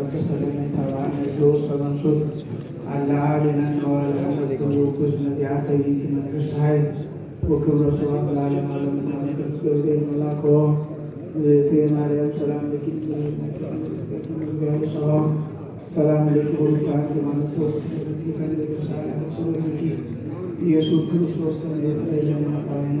መንፈስ ነ ተባህዶ ሰበንሶት አለ አድነን ወለሐመዱ ውኩስ ሰላም ለኪ ሰላም ኢየሱስ ክርስቶስ ተንደሰ ጀመጣይና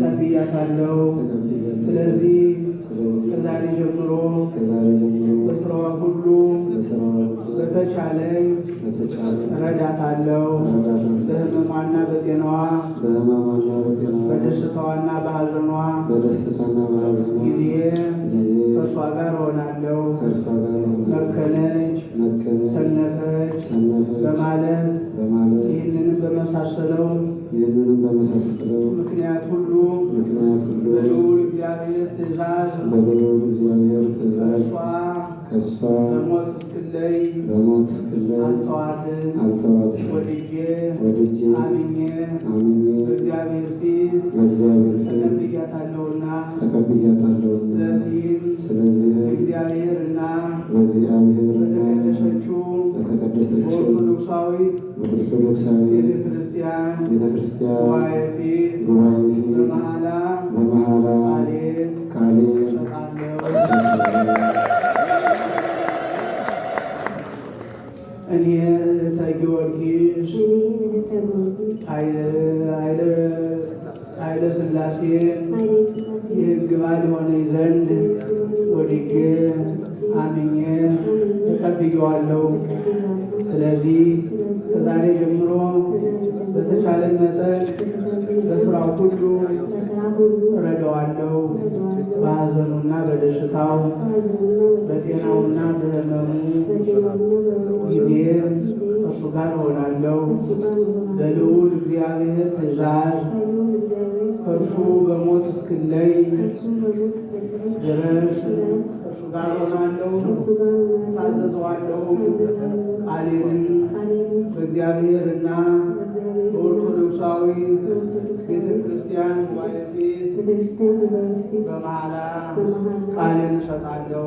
ተቀብያታለሁ። ስለዚህ ከዛሬ ጀምሮ በስራዋ ሁሉ በተቻለኝ እረዳታለሁ። በህመሟና በጤናዋ በደስታዋና በሐዘኗ ጊዜ ከእርሷ ጋር እሆናለሁ። መከነች፣ ሰነፈች በማለት ይህንንም በመሳሰለው ምክንያት ሁሉ ምክንያት ሁሉ በልዑል እግዚአብሔር ትእዛዝ ከእሷ በሞት እስክለይ አልተዋትም። ወድጄ አምኜ በእግዚአብሔር ፊት ተቀብያታለሁና ስለዚህም በእግዚአብሔር በተቀደሰች ኦርቶዶክሳዊት ቤተ ክርስቲያን ጉባኤ ፊት በመሐላ ቃሌ እኔ እህተ ጊዮርጊስ ኃይለ ሥላሴ የሕግ ባል የሆነኝ ዘንድ ወድጄ ተለየዋለሁ። ስለዚህ ከዛሬ ጀምሮ በተቻለን መጠን በስራ ሁሉ እረዳዋለሁ። በሐዘኑና በደስታው በጤናውና በህመሙ ጊዜ እሱ ጋር እሆናለሁ። በልዑል እግዚአብሔር ትእዛዝ ከእርሱ በሞት እስክለይ ድረስ እሱ ጋር እሆናለሁ። እገሠጸዋለሁ። ቃሌንም በእግዚአብሔርና በኦርቶዶክሳዊ ቤተ ክርስቲያን ጉባኤ ፊት ቃሌን እሰጣለሁ።